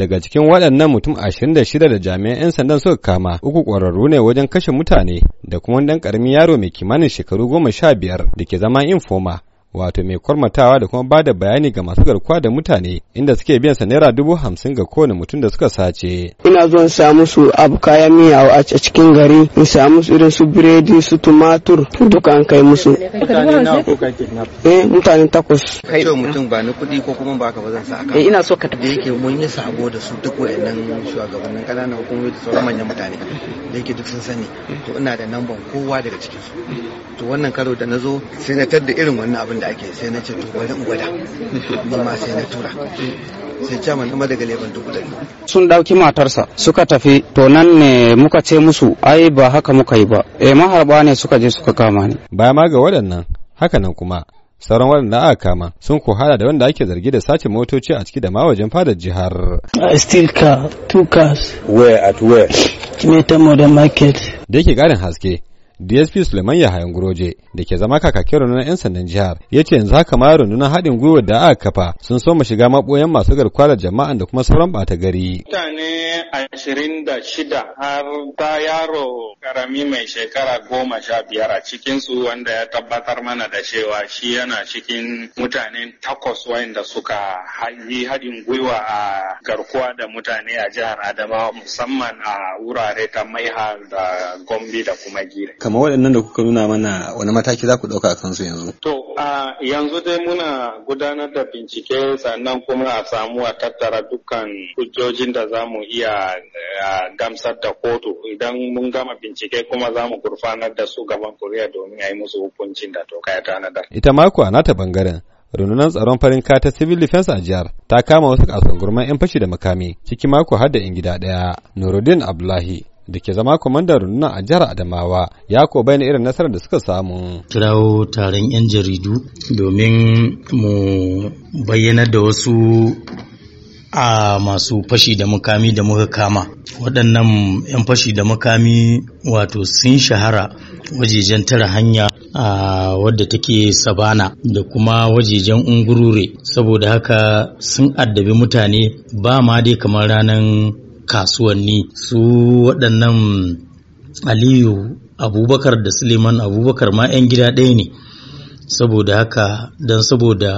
daga cikin waɗannan mutum 26 da jami'an 'yan sandan suka kama uku ƙwararru ne wajen kashe mutane da kuma ɗan ƙaramin yaro mai kimanin shekaru goma sha biyar da ke zama infoma wato mai kwarmatawa da kuma bada bayani ga masu garkuwa da mutane inda suke biyan sa naira dubu hamsin ga kowane mutum da suka sace. Ina zuwa samu su abu kayan miya a cikin gari in samu su irin su biredi su tumatur duka an kai musu. Mutane nawa ko kai eh, mutane takwas. Kai ce mutum ba ni kuɗi ko kuma ba ka bazan sa aka. Eh, ina so ka tafi yake mun yi sabo da su duk wa'annan shugabannin ƙananan hukumomi da sauran manyan mutane. da yake duk sun sani eh. to ina da namban kowa daga cikin su to wannan karo da na zo sai na tar da irin wannan abin da ake sai na ce to bari in gwada ni ma sai na tura eh. sai chairman kuma daga leban duk da sun dauki matarsa suka tafi to nan ne muka ce musu ai ba haka muka yi ba eh maharba ne suka je suka kama ni ba ma ga waɗannan haka nan kuma sauran waɗanda aka kama sun kohana da wanda ake zargi da sace motoci a ciki da ma wajen fadar jihar. Steel car, two cars. Where at where? Kimeta Modern Market. Da yake garin haske, DSP Suleiman Yahayan Guroje da ke zama kakakin rundunar 'yan sandan jihar ya ce yanzu haka ma rundunar haɗin gwiwar da aka kafa sun so mu shiga maboyan masu garkuwa da jama'an da kuma sauran ɓata gari. Mutane ashirin da shida har ta yaro karami mai shekara goma sha biyar a cikinsu wanda ya tabbatar mana da cewa shi yana cikin mutane takwas wanda suka yi haɗin gwiwa a garkuwa da mutane a jihar Adamawa musamman a wurare ta Maihar da Gombe da kuma Gire. kamar waɗannan da kuka nuna mana wani mataki za ku ɗauka a kansu yanzu? To, a yanzu dai muna gudanar da bincike sannan kuma a samu a tattara dukkan hujjojin da za mu iya gamsar da kotu idan mun gama bincike kuma za mu gurfanar da su gaban kuriya domin a yi musu hukuncin da toka ya tanadar. Ita mako a nata bangaren rundunar tsaron farin kata civil defense a jihar ta kama wasu kasuwan gurman 'yan fashi da makami ciki mako har da 'yan gida ɗaya nuruddin abdullahi da ke zama kwamandan runduna a jihar Adamawa ya ko bayyana irin nasarar da suka samu. Kirawo taron 'yan jaridu domin mu bayyana da wasu a masu fashi da mukami da muka kama waɗannan 'yan fashi da mukami wato sun shahara wajejen tara hanya a wadda take sabana da kuma wajejen ungurure saboda haka sun addabi mutane ba ma dai kamar ranar kasuwanni su waɗannan aliyu abubakar da suleiman abubakar ma 'yan gida ɗaya ne saboda haka don saboda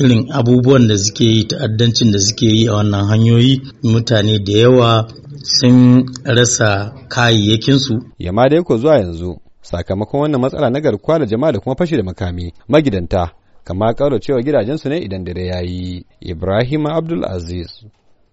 irin abubuwan da suke yi ta'addancin da suke yi a wannan hanyoyi mutane da yawa sun rasa kayayyakinsu yamma dai ko zuwa yanzu sakamakon wannan matsala na garkuwa da jama'a da kuma fashi da makami magidanta kama ƙaura cewa gidajensu ne idan dare ya yi ibrahim abdul